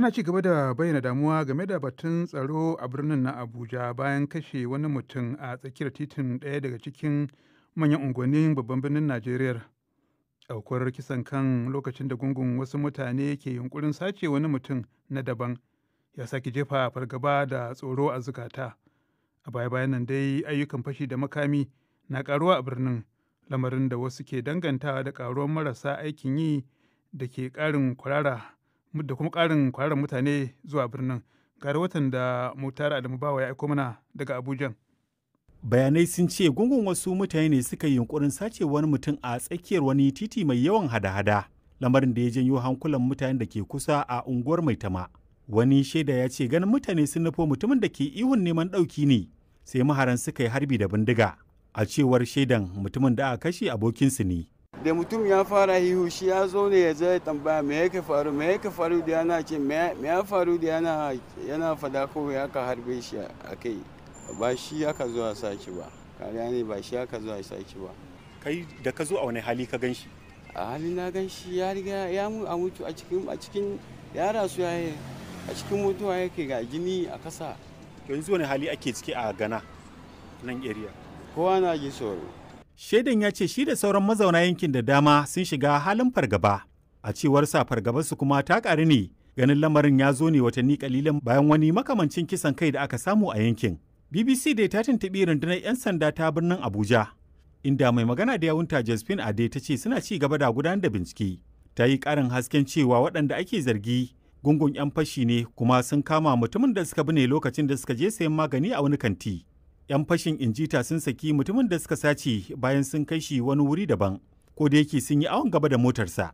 Ana ci gaba da bayyana damuwa game da batun tsaro a birnin na Abuja bayan kashe wani mutum a tsakiyar titin ɗaya daga cikin manyan unguwannin babban birnin Najeriya. Aukuwar kisan kan lokacin da gungun wasu mutane ke yunkurin sace wani mutum na daban ya sake jefa fargaba da tsoro a zukata. A baya-bayan nan dai ayyukan fashi da makami na karuwa a birnin lamarin da wasu ke dangantawa da ƙaruwar marasa aikin yi da ke ƙarin kwarara da kuma ƙarin kwararar mutane zuwa birnin ga watan da mutara adamu bawa ya aiko mana daga abuja bayanai sun ce gungun wasu mutane ne suka yi yunkurin sace wani mutum a tsakiyar wani titi mai yawan hada-hada lamarin da ya janyo hankulan mutane da ke kusa a unguwar mai tama wani shaida ya ce ganin mutane sun nufo mutumin da ke ihun neman ɗauki ne sai maharan suka yi harbi da bindiga a cewar shaidan mutumin da aka kashe abokinsu ne da mutum ya fara hihu shi ya zo ne ya zai tambaya me yake faru me yake faru da yana ce me ya faru da yana yana fada ko ya ka harbe shi a kai ba shi ya zo a saki ba kariya ne ba shi ya zo a saki ba kai da ka zo a wani hali ka gan shi a hali na gan shi ya riga ya mu a mutu a cikin a cikin ya rasu ya yi a cikin mutuwa yake ga jini a kasa yanzu wani hali ake ciki a gana nan area kowa na ji tsoro Shaidan ya ce shi da sauran mazauna yankin da dama sun shiga halin fargaba. A cewar sa su kuma ta ƙaru ne ganin lamarin ya zo ne watanni kalilan bayan wani makamancin kisan kai da aka samu a yankin. BBC dai ta tuntuɓi rundunar 'yan sanda ta birnin Abuja, inda mai magana da yawunta Jasfin Ade ta ce suna ci gaba da gudanar da bincike. Ta yi ƙarin hasken cewa waɗanda ake zargi gungun 'yan fashi ne kuma sun kama mutumin da suka bi ne lokacin da suka je sayan magani a wani kanti. 'yan fashin injita sun saki mutumin da suka sace bayan sun kai shi wani wuri daban ko da yake sun yi awon gaba da motarsa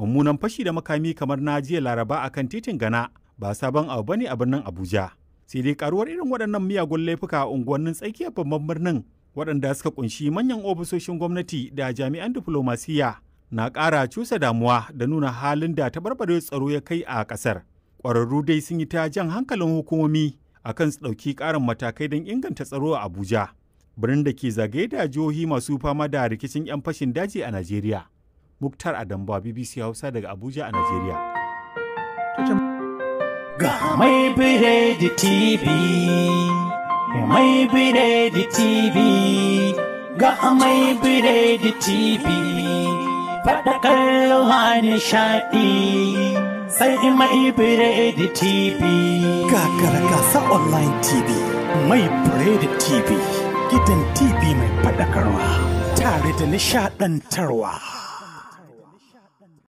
mummunan fashi da makami kamar na jiya laraba a kan titin gana ba sabon abu bane a birnin abuja sai dai karuwar irin waɗannan miyagun laifuka a unguwannin tsakiyar babban birnin waɗanda suka kunshi manyan ofisoshin gwamnati da jami'an diflomasiyya na ƙara cusa damuwa da nuna halin da taɓarɓare tsaro ya kai a ƙasar ƙwararru dai sun yi ta jan hankalin hukumomi akan su ɗauki ƙarin matakai don inganta tsaro a Abuja, birnin da ke zagaye da jihohi masu fama da rikicin 'yan fashin daji a Najeriya. Muktar Adamba BBC Hausa daga Abuja a Najeriya. Ga mai biredi TV, mai biredi TV, ga mai biredi TV, faɗa nishaɗi. sai in mai da TV. Kakara gasa online TV, mai biredi TV, gidan TV mai faɗakarwa, tare da nishaɗantarwa.